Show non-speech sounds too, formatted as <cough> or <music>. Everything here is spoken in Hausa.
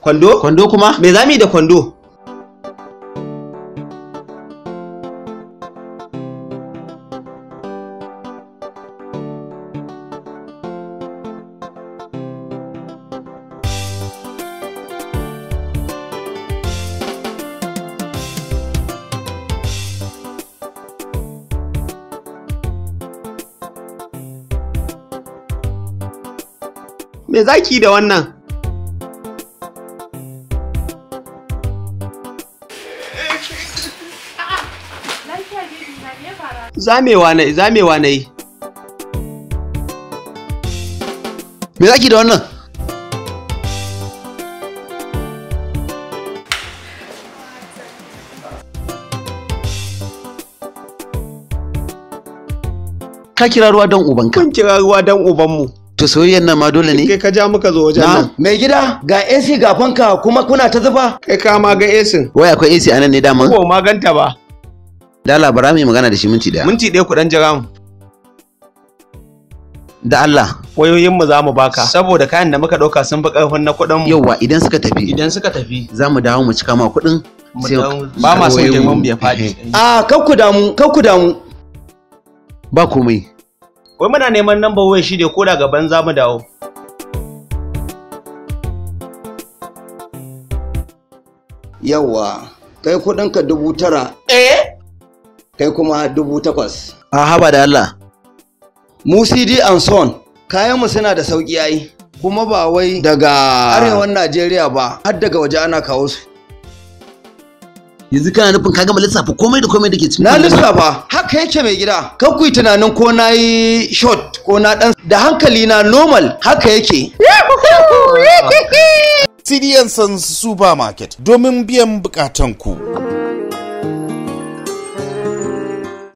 Kwando? Kwando kuma? Me za mu yi da kwando? Me za ki da wannan? Zamewa na zamewa na yi. Me zaki da wannan? Ka kira ruwa don ubanka. Kun kira ruwa don ubanmu. to soyayyar nan ma dole ne kai ka ja muka zo wajen nan mai gida ga AC ga fanka kuma kuna ta zuba? kai ka ma ga AC wai akwai AC anan ne dama ko ma ganta ba da bara mai magana da shi minti daya minti daya ku dan jira mu da Allah wayoyin mu zamu baka saboda kayan da muka dauka sun fi karfin na kudin mu yauwa idan suka tafi idan suka tafi zamu dawo mu cika ma kuɗin ba ma son girman mu ya faɗi eh, eh. a ah, kakku damu kakku damu ba komai wai muna neman namba waya shi ne ko da gaban za mu dawo Yawwa kai kudinka dubu tara eh kai kuma dubu takwas a haba da Allah mu CD and son kayanmu suna da sauki yayi. kuma ba wai daga arewan Najeriya ba har daga waje ana kawo su yanzu kana nufin ka gama lissafa komai da komai da ke cikin na lissafa kai ce mai gida kar ku yi tunanin ko na yi shot ko na dan da hankali na normal haka yake <laughs> CDN San Supermarket domin biyan bukatanku. ku.